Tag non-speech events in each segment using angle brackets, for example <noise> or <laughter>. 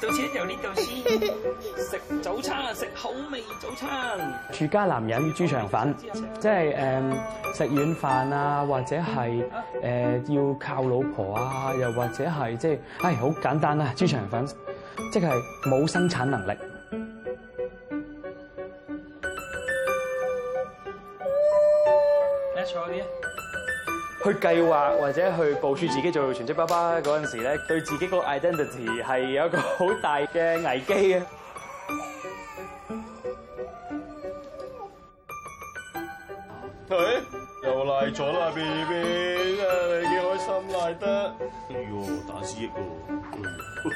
到錢就呢嚿先，食早餐啊，食好味早餐。住家男人豬腸粉，即係誒食軟飯啊，或者係、呃、要靠老婆啊，又或者係即係，唉、哎，好簡單啊，豬腸粉，即係冇生產能力。計劃或者去部署自己做全職爸爸嗰陣時咧，對自己個 identity 係有一個好大嘅危機啊，誒、哎，又賴咗啦，B B，真係幾開心，賴得。哎喲，打輸億喎！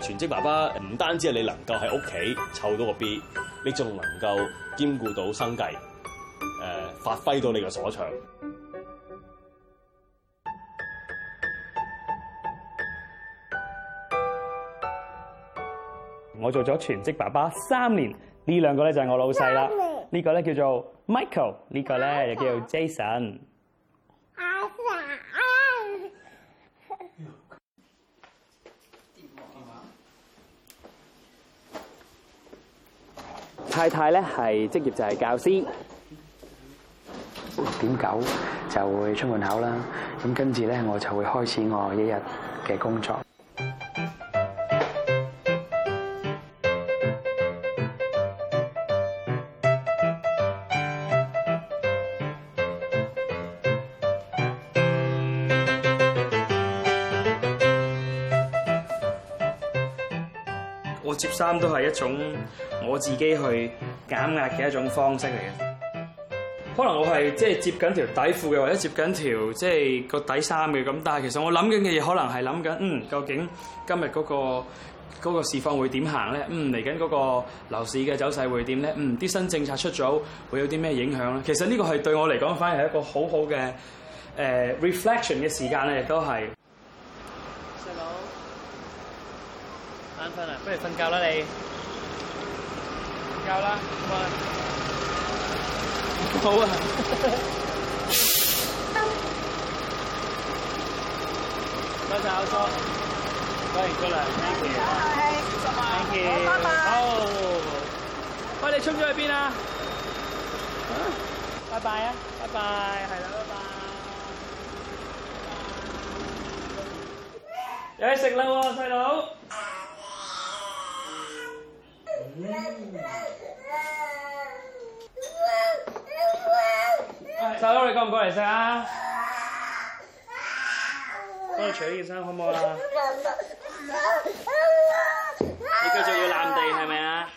<laughs> 全職爸爸唔單止係你能夠喺屋企湊到個 B，你仲能夠兼顧到生計，誒、呃，發揮到你嘅所長。我做咗全職爸爸三年，呢兩個咧就係我老細啦。呢、這個咧叫做 Michael，呢個咧又叫做 Jason。太太咧係職業就係、是、教師。六點九就會出門口啦，咁跟住咧我就會開始我一日嘅工作。接衫都係一種我自己去減壓嘅一種方式嚟嘅。可能我係即係接緊條底褲嘅，或者接緊條即係個底衫嘅咁。但係其實我諗緊嘅嘢，可能係諗緊嗯，究竟今日嗰個嗰個市況會點行咧？嗯，嚟緊嗰個樓市嘅走勢會點咧？嗯，啲新政策出咗會有啲咩影響咧？其實呢個係對我嚟講反而係一個好好嘅誒 reflection 嘅時間咧，亦都係。瞓啊，不如瞓覺啦你。瞓覺啦，好啊。多謝歐叔，歡迎過來，thank you。拜拜。thank you。拜拜。好。我哋衝咗去邊啊？拜拜啊！拜拜，係啦，拜拜。有嘢食啦喎，細佬。細佬，你過唔過嚟食啊？幫我除件衫好唔好啊？你繼續要爛地係咪啊？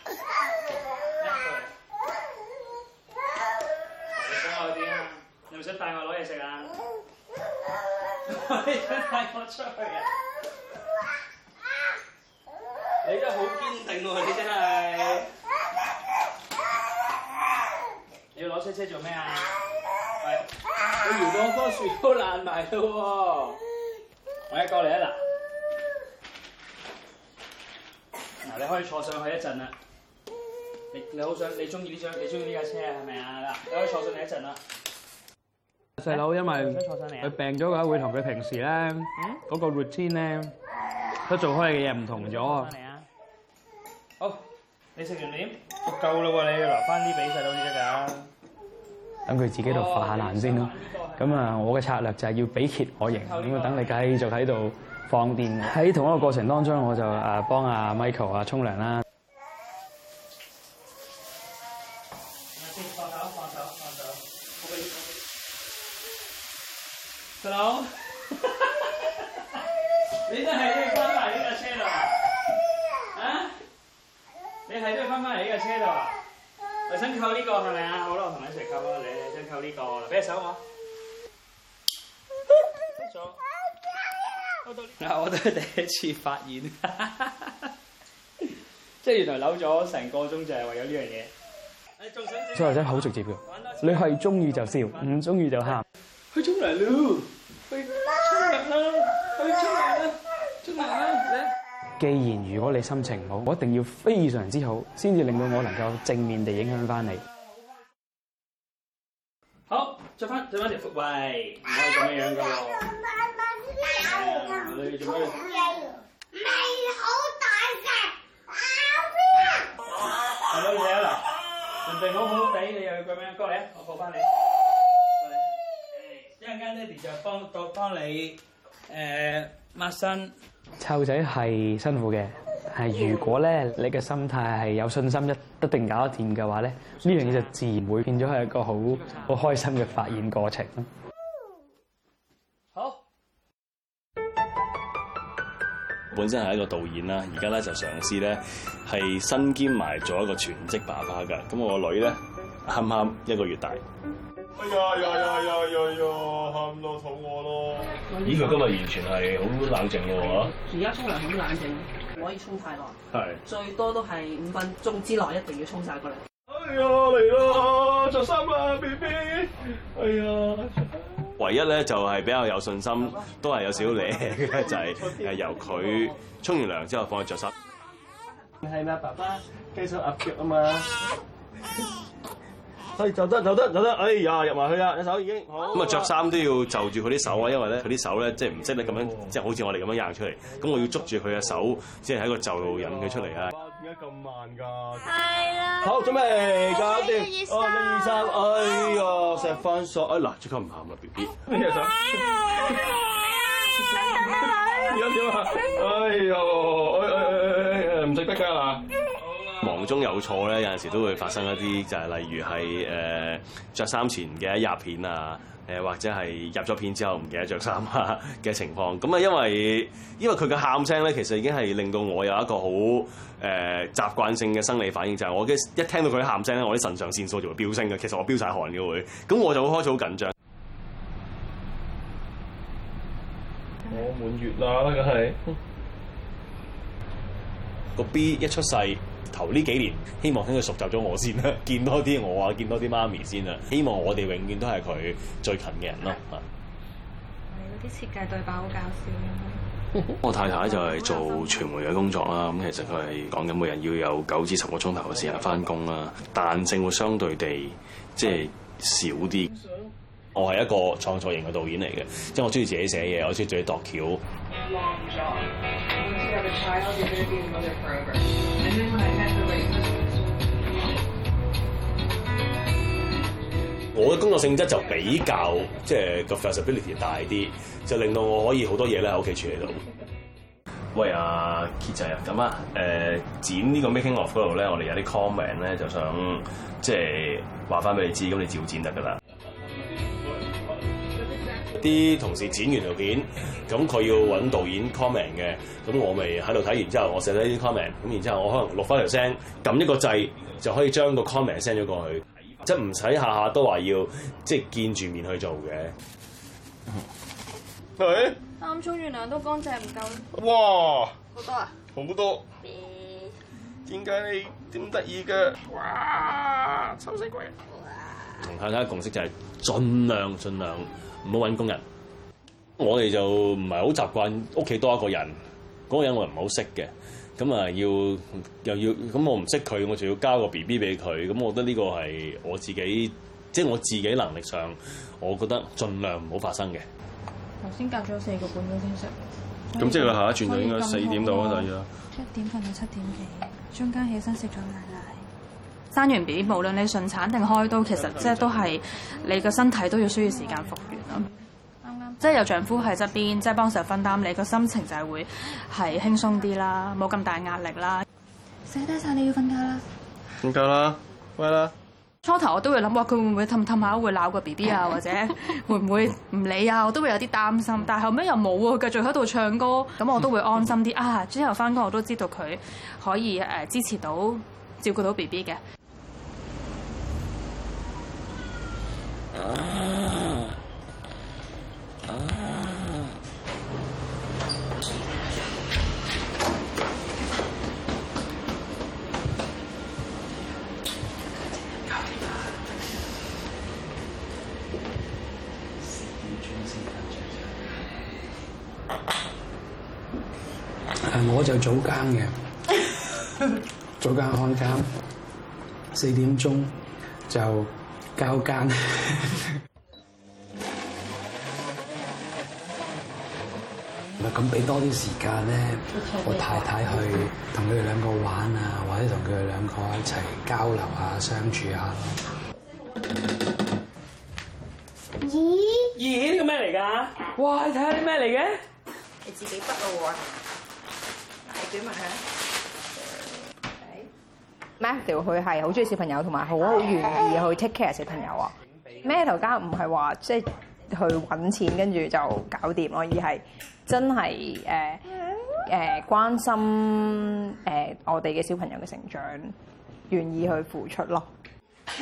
幫下我點啊！你唔使帶我攞嘢食啊？你想帶我出去啊？你真係好堅定喎！你真係。車，做咩啊？喂，佢搖到棵樹都爛埋都喎。我一過嚟啊嗱，嗱你可以坐上去一陣啦。你你好想你中意呢張，你中意呢架車係咪啊？嗱，你可以坐上嚟一陣啦。細佬因為佢病咗嘅話，會同佢平時咧嗰個 routine 咧佢做開嘅嘢唔同咗啊。嚟啊！好，你食完點？夠啦喎，你要留翻啲俾細佬先得噶。等佢自己度發下難先咯，咁、哦、啊，這個、的我嘅策略就係要俾怯我贏，咁啊等你繼續喺度放電。喺同一個過程當中，我就幫阿 Michael 啊沖涼啦。先放走，放走，放手放手放手 <laughs> <laughs> 你都係要翻翻嚟呢架車度啊？ <laughs> <laughs> <laughs> 你係都要翻翻嚟呢架車度啊？ <laughs> <laughs> <laughs> 想扣呢、這個係咪、這個這個這個、啊？好啦，我同你一齊扣你你想扣呢個，俾手我。出我到我都係第一次發現，即係原來扭咗成個鐘就係為咗呢樣嘢。 <laughs> 想真係真係好直接㗎，你係中意就笑，唔中意就喊。出嚟啦！出嚟啦！出嚟啦！出嚟啦！既然如果你心情唔好，我一定要非常之好，先至令到我能夠正面地影響翻你。好，再翻再翻條腹圍，唔可以咁樣嘅喎、啊。你做咩？味好大啊！好咩？嚟咯，你嚟啦！人哋好好地、啊，你又要做咩？過嚟我抱翻你。啊、過嚟。一陣間爹哋就幫幫你誒、呃、抹身。湊仔係辛苦嘅，係如果咧你嘅心態係有信心一一定搞得掂嘅話咧，呢樣嘢就自然會變咗係一個好好開心嘅發現過程咯。好，本身係一個導演啦，而家咧就嘗試咧係身兼埋做一個全職爸爸㗎。咁我個女咧啱啱一個月大。哎呀呀呀呀呀，喊到肚咦，佢今日完全係好冷靜喎，啊，而家沖涼好冷靜，唔可以沖太耐，係最多都係五分鐘之內一定要沖晒個涼。哎呀嚟啦，着衫啦，B B，哎呀，唯一咧就係比較有信心，爸爸都係有少少脷，就係、是、誒由佢沖完涼之後放去着衫。係咩爸爸繼續 up 貼啊嘛。係就得就得就得，哎呀，入埋去啦，隻手已經。咁啊著衫都要就住佢啲手啊，因為咧佢啲手咧即係唔識咧咁樣，即係好似我哋咁樣掗出嚟。咁我要捉住佢嘅手，即係喺個袖度引佢出嚟啊！點解咁慢㗎？係啦。好，準備搞掂，哦，一二三，哎呀，錫返索，哎嗱，即刻唔喊啦，B B。咩嘢手？而家點啊？哎呀，哎呀哎哎哎唔識得㗎啦！哎忙中有錯咧，有陣時都會發生一啲就係、是、例如係誒著衫前唔記得入片啊，誒、呃、或者係入咗片之後唔記得着衫啊嘅情況。咁啊，因為因為佢嘅喊聲咧，其實已經係令到我有一個好誒、呃、習慣性嘅生理反應，就係、是、我嘅一聽到佢喊聲咧，我啲腎上腺素就會飆升嘅。其實我飆晒汗嘅會，咁我就會開始好緊張。我滿月啦，梗係、那個 B 一出世。頭呢幾年，希望等佢熟習咗我先啦，見多啲我啊，見多啲媽咪先啦。希望我哋永遠都係佢最近嘅人咯。啊！啲設計對白好搞笑。 <laughs> 我太太就係做傳媒嘅工作啦。咁其實佢係講緊每人要有九至十個鐘頭嘅時間返工啦，彈性會相對地即係、就是、少啲。我係一個創作型嘅導演嚟嘅，即、就、係、是、我中意自己寫嘢，我中意自己度橋 this... <music> 。我嘅工作性質就比較即係個 flexibility 大啲，就令到我可以好多嘢咧喺屋企處理到。 <laughs> 喂，阿傑仔啊，咁啊，誒、呃、剪呢個 making of 嗰度咧，我哋有啲 comment 咧，就想即係話翻俾你知，咁你照剪得噶啦。啲同事剪完條片，咁佢要揾導演 comment 嘅，咁我咪喺度睇完之後，我寫咗啲 comment，咁然之後我可能錄返條聲，撳一個掣就可以將個 comment send 咗過去，即係唔使下下都話要即係見住面去做嘅。係啱沖完涼都乾淨唔夠哇！好多啊，好多。點 <laughs> 解你點得意嘅？哇！抽死鬼！同大家共識就係盡量盡量，盡量唔好揾工人，我哋就唔係好習慣屋企多一個人，嗰、那個人我唔好識嘅，咁啊要又要咁我唔識佢，我仲要交個 B B 俾佢，咁我覺得呢個係我自己，即、就、係、是、我自己能力上，我覺得盡量唔好發生嘅。頭先隔咗四個半鐘先食，咁即係佢下一轉就應該四點到啦，就要。一點瞓到七點幾，中間起身食咗奶奶。生完 B B，無論你順產定開刀，其實即係都係你個身體都要需要時間復原咯。啱啱即係由丈夫喺側邊，即、嗯、係、就是、幫手分擔，你個心情就係會係輕鬆啲啦，冇、嗯、咁大壓力啦。寫低晒你要瞓覺啦。瞓覺啦，乖啦。初頭我都會諗，哇！佢會唔會氹氹下會鬧個 B B 啊、哎呀，或者會唔會唔理啊？我都會有啲擔心，嗯、但係後尾又冇喎，繼續喺度唱歌，咁我都會安心啲、嗯、啊！之後翻工，我都知道佢可以誒、呃、支持到照顧到 B B 嘅。啊，啊，啊我就早更嘅。 <laughs> 早更看更，四點鐘就。間咪咁俾多啲時間咧，我太太去同佢哋兩個玩啊，或者同佢哋兩個一齊交流下、相處下。咦咦，呢個咩嚟噶？哇，你睇下啲咩嚟嘅？你自己筆咯喎，大卷咪向。Matthew 佢係好中意小朋友，同埋好願意去 take care 小朋友啊。Matthew 家唔係話即係去揾錢跟住就搞掂咯，而係真係誒誒關心誒、呃、我哋嘅小朋友嘅成長，願意去付出咯。 <laughs>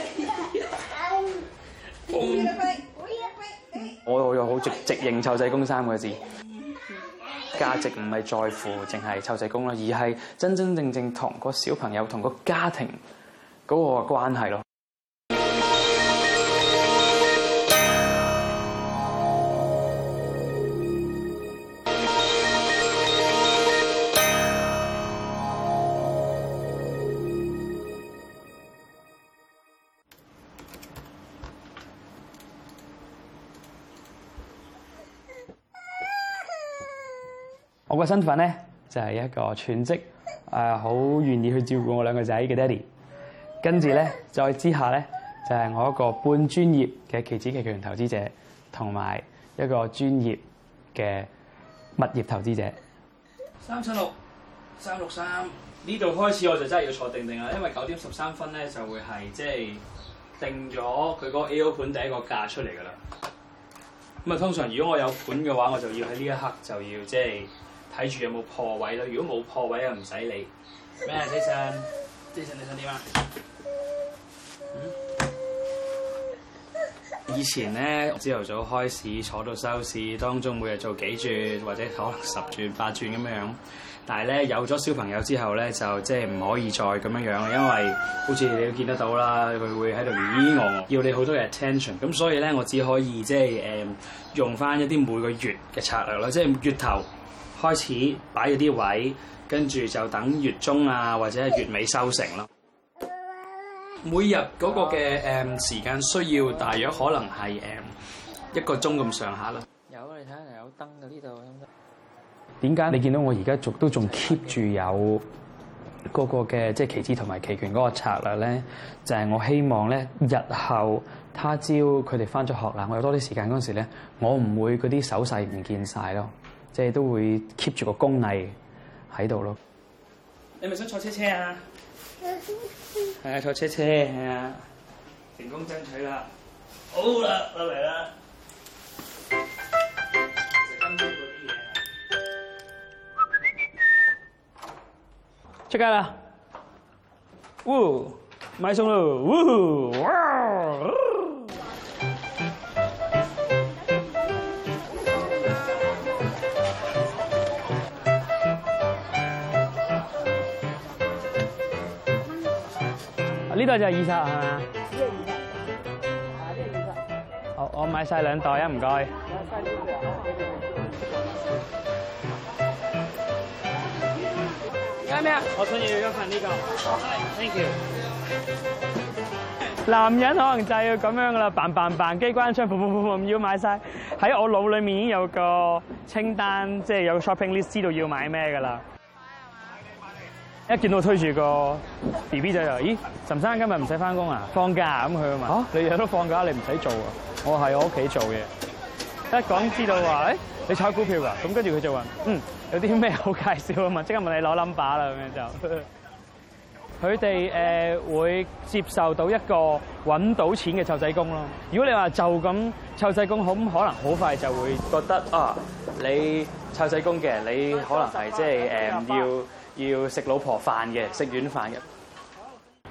我我又好直直認湊仔公三個字。價值唔係在乎淨係湊仔公咯，而係真真正正同個小朋友同個家庭嗰個關係咯。個身份咧就係一個全職誒，好願意去照顧我兩個仔嘅爹哋。跟住咧，再之下咧就係我一個半專業嘅期指期權投資者，同埋一個專業嘅物業投資者。三七六三六三呢度開始我就真係要坐定定啦，因為九點十三分咧就會係即係定咗佢嗰個 A 盤第一個價出嚟噶啦。咁啊，通常如果我有盤嘅話，我就要喺呢一刻就要即係。睇住有冇破位咯。如果冇破位不用，又唔使理咩。Jason，Jason 你想點啊？嗯？以前咧，朝頭早開市坐到收市，當中每日做幾轉或者可能十轉八轉咁樣樣。但係咧，有咗小朋友之後咧，就即係唔可以再咁樣樣，因為好似你都見得到啦，佢會喺度咦，我要你好多 attention。咁所以咧，我只可以即係誒、嗯、用翻一啲每個月嘅策略啦，即係月頭，開始擺咗啲位，跟住就等月中啊或者係月尾收成咯。每日嗰個嘅誒、哦、時間需要大約可能係誒一個鐘咁上下啦。有啊，你睇下有燈嘅呢度。點解你見到我而家仲都仲 keep 住有嗰個嘅即係期指同埋期權嗰個策略咧？就係、是、我希望咧，日後他朝佢哋翻咗學啦，我有多啲時間嗰陣時咧，我唔會嗰啲手勢唔見晒咯。即係都會 keep 住個工藝喺度咯。你咪想坐車車啊？係啊，坐車車，係啊，成功爭取啦，好啦，落嚟啦。出街啦！Woo，買餸咯！Woo，哇！呢度就係二十係嘛？啲嘢衣飾，買啲衣好，我買晒兩袋啊，唔該。要咩我一呢 Thank you。男人可能就係要咁樣㗎啦，扮扮扮機關槍噗噗噗噗。要買晒，喺我腦裏面已經有個清單，即係有個 shopping list 知道要買咩㗎啦。一見到推住個 B B 仔就，咦？岑生今日唔使返工啊？放假咁佢啊嘛？你日日都放假，你唔使做啊？我係我屋企做嘢。一講知道話，你炒股票噶？咁跟住佢就話，嗯，有啲咩好介紹啊？問即刻問你攞 number 啦咁樣就。佢哋誒會接受到一個揾到錢嘅湊仔工咯。如果你話就咁湊細工好，咁可能好快就會覺得啊，你湊細工嘅，你可能係即係誒要。要食老婆飯嘅，食軟飯嘅。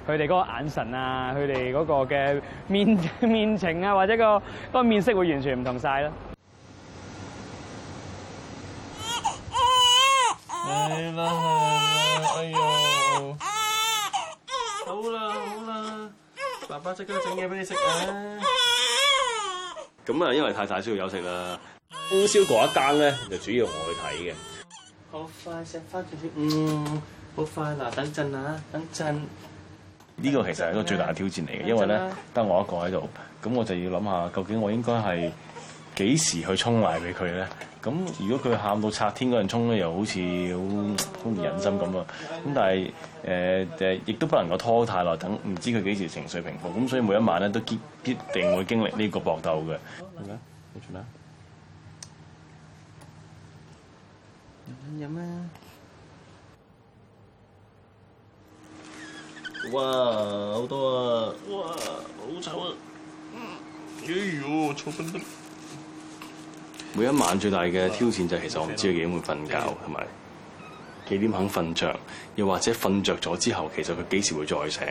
佢哋嗰個眼神啊，佢哋嗰個嘅面面情啊，或者、嗰個、嗰個面色會完全唔同晒啦 <noise> 、哎。哎呀！哎呀！好啦好啦，爸爸即刻整嘢俾你食啊！咁啊，因為太太需要休息啦。通宵一間咧，就主要我去睇嘅。好快，石花咁先。嗯，好快。嗱，等陣啊，等陣。呢個其實係一個最大嘅挑戰嚟嘅，因為咧得我一個喺度，咁我就要諗下，究竟我應該係幾時去沖埋俾佢咧？咁如果佢喊到拆天嗰陣沖咧，又好似好好唔忍心咁啊。咁但係誒誒，亦都不能夠拖太耐，等唔知佢幾時情緒平復。咁所以每一晚咧都必必定會經歷呢個搏鬥嘅。好啦，你做咩？唔咩？哇！好多啊！哇！好臭啊！哎呦，臭唔得！每一晚最大嘅挑戰就係其實我唔知佢幾點會瞓覺，係咪？幾點肯瞓着？又或者瞓着咗之後，其實佢幾時會再醒？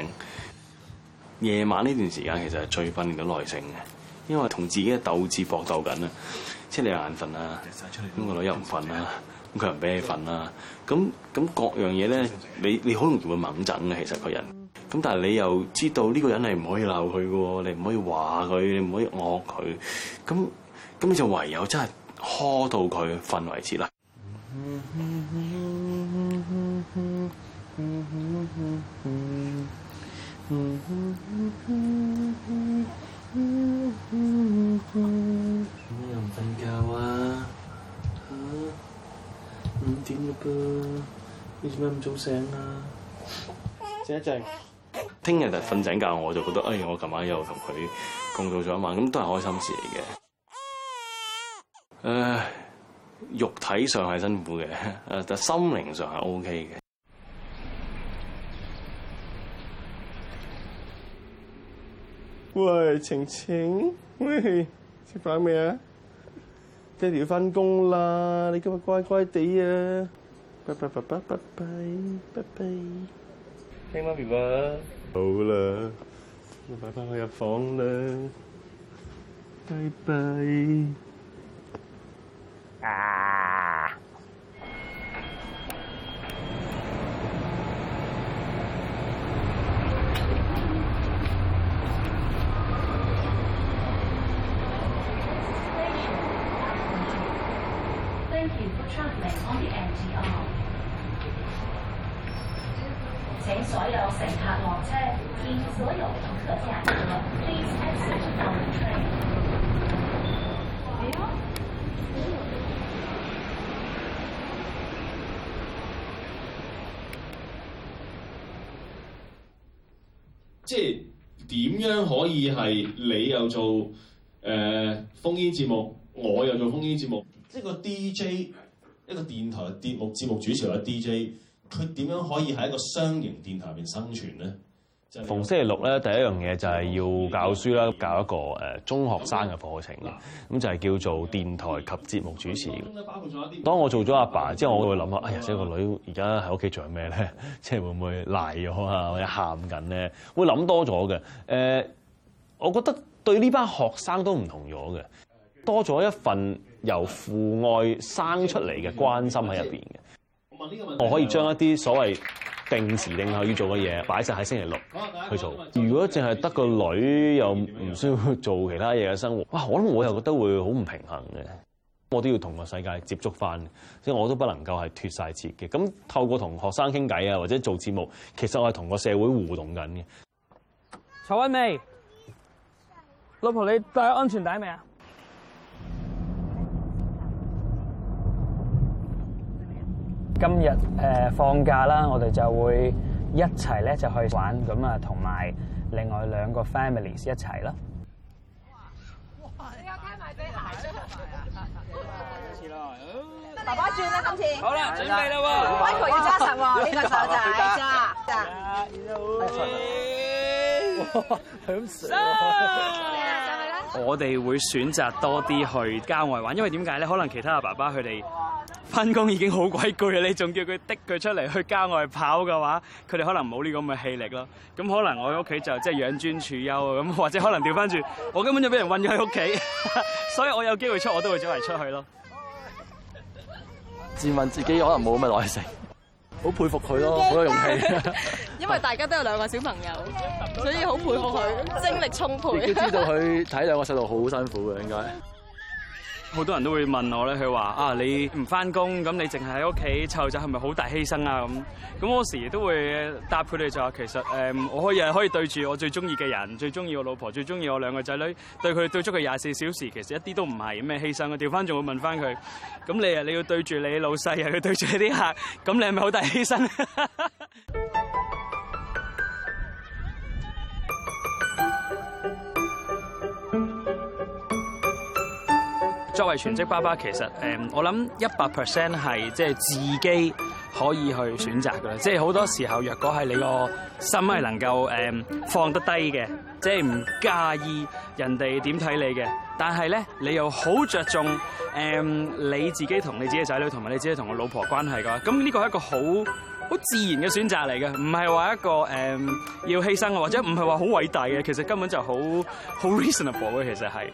夜晚呢段時間其實係最訓練到耐性嘅，因為同自己嘅鬥志搏鬥緊啊！即係你眼瞓啊，咁個女又唔瞓啊。咁佢唔俾你瞓啦，咁咁各樣嘢咧，你你好容易會掹整嘅，其實個人。咁但係你又知道呢個人係唔可以鬧佢喎，你唔可以話佢，你唔可以惡佢，咁咁你就唯有真係呵到佢瞓為止啦。 <music> 咁你又唔瞓覺啊？五點嘅噃、啊，你做咩咁早醒啊？靜一靜。聽日就瞓醒覺，我就覺得，哎，我琴晚又同佢共度咗一晚，咁都係開心事嚟嘅。唉、呃，肉體上係辛苦嘅，但係心靈上係 OK 嘅。喂，晴晴，喂，食飯未啊？爹哋要翻工啦，你今日乖乖哋啊，拜拜拜拜拜拜拜拜，聽媽咪話，好啦，我拜拜去入房啦，拜拜。點樣可以係你又做誒風衣節目，我又做風衣節目？即、這、係個 DJ，一個電台節目節目主持或者 DJ，佢點樣可以喺一個雙營電台入邊生存咧？逢星期六咧，第一樣嘢就係要教書啦，教一個誒中學生嘅課程嘅，咁就係、是、叫做電台及節目主持嘅。當我做咗阿爸，爸之後，我會諗下，哎呀，即、這、係個女而家喺屋企做咩咧？即係會唔會賴咗啊？或者喊緊咧？會諗多咗嘅。誒，我覺得對呢班學生都唔同咗嘅，多咗一份由父愛生出嚟嘅關心喺入邊嘅。我可以將一啲所謂定時定候要做嘅嘢擺晒喺星期六去做。如果淨係得個女又唔需要去做其他嘢嘅生活，哇！我諗我又覺得會好唔平衡嘅。我都要同個世界接觸翻，即係我都不能夠係脫晒節嘅。咁透過同學生傾偈啊，或者做節目，其實我係同個社會互動緊嘅。坐穩未？老婆，你戴咗安全帶未啊？今日、呃、放假啦，我哋就會一齊咧就去玩咁啊，同埋另外兩個 families 一齊啦。爸爸轉啦今次。好啦，準備啦喎。威奎嘅加持喎，呢、這個仔㗎、啊啊 <laughs> 。我哋會選擇多啲去郊外玩，因為點解咧？可能其他嘅爸爸佢哋。翻工已經好鬼攰啊！你仲叫佢的佢出嚟去郊外跑嘅話，佢哋可能冇呢咁嘅氣力咯。咁可能我喺屋企就即係養尊處優啊，咁或者可能調翻住。我根本就俾人韞咗喺屋企，所以我有機會出我都會走嚟出去咯。自問自己可能冇咁嘅耐性，好佩服佢咯，好有勇氣。 <laughs> 因為大家都有兩個小朋友，所以好佩服佢精力充沛。要知道佢睇兩個細路好辛苦嘅，應該。好多人都會問我咧，佢話啊，你唔翻工，咁你淨係喺屋企湊仔，係咪好大犧牲啊？咁咁嗰時都會答佢哋就話，其實誒、嗯，我可以可以對住我最中意嘅人，最中意我老婆，最中意我兩個仔女，對佢對足佢廿四小時，其實一啲都唔係咩犧牲。我調翻仲會問翻佢，咁你啊你要對住你老細，又要對住啲客，咁你係咪好大犧牲？ <laughs> 作為全職爸爸，其實誒，我諗一百 percent 係即係自己可以去選擇嘅啦。即係好多時候，若果係你個心係能夠誒放得低嘅，即係唔介意人哋點睇你嘅，但係咧你又好着重誒、嗯、你自己同你自己仔女，同埋你自己同個老婆嘅關係嘅，咁呢個係一個好好自然嘅選擇嚟嘅，唔係話一個誒、嗯、要犧牲啊，或者唔係話好偉大嘅，其實根本就好好 reasonable 嘅，其實係。